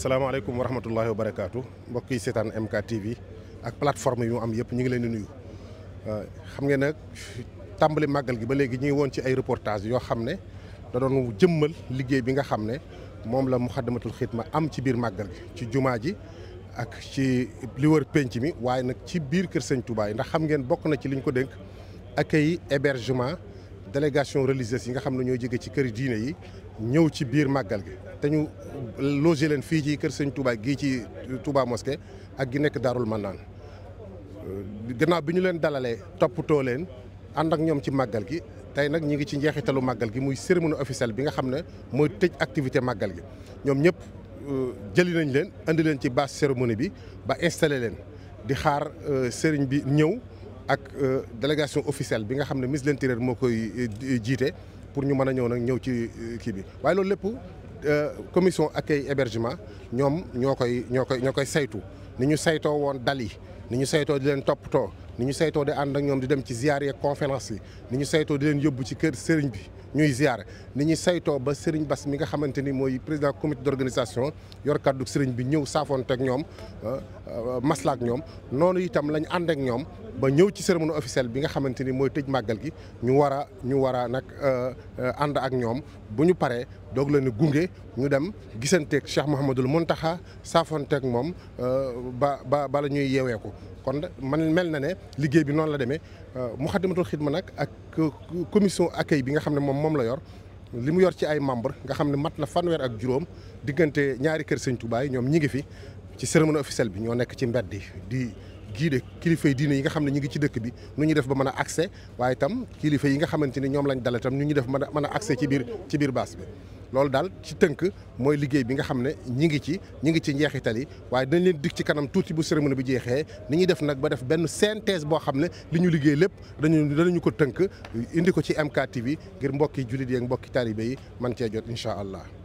salaamaaleykum wa rahmatullahi wa barakaatu mbokk yi seetaan MK TV ak plateforme yu mu am yëpp ñu ngi leen di nuyu. Euh, xam ngeen nag tàmbali màggal gi ba léegi ñu woon ci ay reportage yoo xam ne da doon jëmmal liggéey bi nga xam ne moom la muxaddamatul ma am ci biir màggal gi ci jumaa ji. ak ci li war penc mi waaye nag ci biir kër sëñ Touba ndax xam ngeen bokk na ci li ñu ko ak accueil hébergement délégation religieuse yi nga xam ne ñoo jóge ci kër diine yi ñëw ci biir màggal gi te ñu logé leen fii ci kër sëñ Touba gi ci Touba mosquée ak gi nekk Darul Manaan euh, gannaaw bi ñu leen dalalee toppatoo leen ànd ak ñoom ci màggal gi tey nag ñi ngi ci njeexitalu màggal gi muy cérémonie officielle bi nga xam ne mooy tëj activité màggal gi ñoom ñëpp euh, jëli nañ leen indi leen ci base cérémonie bi ba installé leen di xaar euh, sëriñ bi ñëw ak délégation officielle bi nga xam ne ministre de l'Intérieur moo koy jiite pour ñu mën a ñëw nag ñëw ci euh, kii bi waaye loolu lépp euh, commission accueil hébergement ñoom ñoo koy ñoo koy ñoo koy saytu ni ñu saytoo woon dal yi ni ñu saytoo di leen toppatoo ni ñu saytoo di ànd ak ñoom di dem ci ziyaar yeeg conférence yi ni ñu saytoo di leen yóbbu ci kër sëriñ bi ñuy ziyaar ni ñu saytoo ba sëriñ Bass mi nga xamante ni mooy président comité d'organisation yor kàddu sëriñ bi ñëw saafoonte ak ñoom euh, masla ak ñoom noonu itam lañ ànd ak ñoom ba ñëw ci cérémonie officielle bi nga xamante ni mooy tëj màggal gi ñu war a ñu war a nag euh, euh, ànd ak ñoom bu ñu paree doog la ni gunge ñu dem gisanteeg Cheikh Mouhamadul Mountakha saafoonteeg moom ba ba bala ñuy yeewee ko kon man mel na ne liggéey bi noonu la demee euh, Moukhaddamatoul ma nag ak commission accueil bi nga xam ne moom moom la yor li mu yor ci ay membre nga xam ne mat na fanweer ak juróom diggante ñaari kër sëñ Touba yi ñoom ñi ngi fi ci cérémonie officielle bi ñoo nekk ci mbedd di giide kilifa yi diine yi nga xam ne ñu ngi ci dëkk bi nu ñu def ba mën a accès waaye itam kilifa yi nga xamante ni ñoom lañ dale itam nu ñu def mën a mën a accès ci biir ci biir baas bi loolu daal ci tënk mooy liggéey bi nga xam ne ñi ngi ci ñi ngi ci njeexital yi waaye dañ leen dig ci kanam tuuti bu cérémonie bi jeexee ni ñuy def nag ba def benn synthèse boo xam ne li ñu liggéey lépp dañu ñu ko tënk indi ko ci MK TV ngir mbokki jullit yi ak mbokki taalibe yi man cee jot incha allah